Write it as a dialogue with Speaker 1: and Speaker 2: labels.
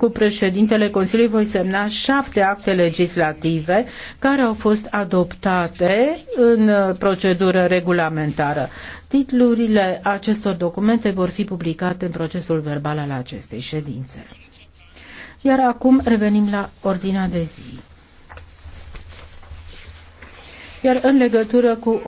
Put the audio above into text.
Speaker 1: Cu președintele Consiliului voi semna șapte acte legislative care au fost adoptate în uh, procedură regulamentară. Titlurile acestor documente vor fi publicate în procesul verbal al acestei ședințe. Iar acum revenim la ordinea de zi.
Speaker 2: Iar în legătură cu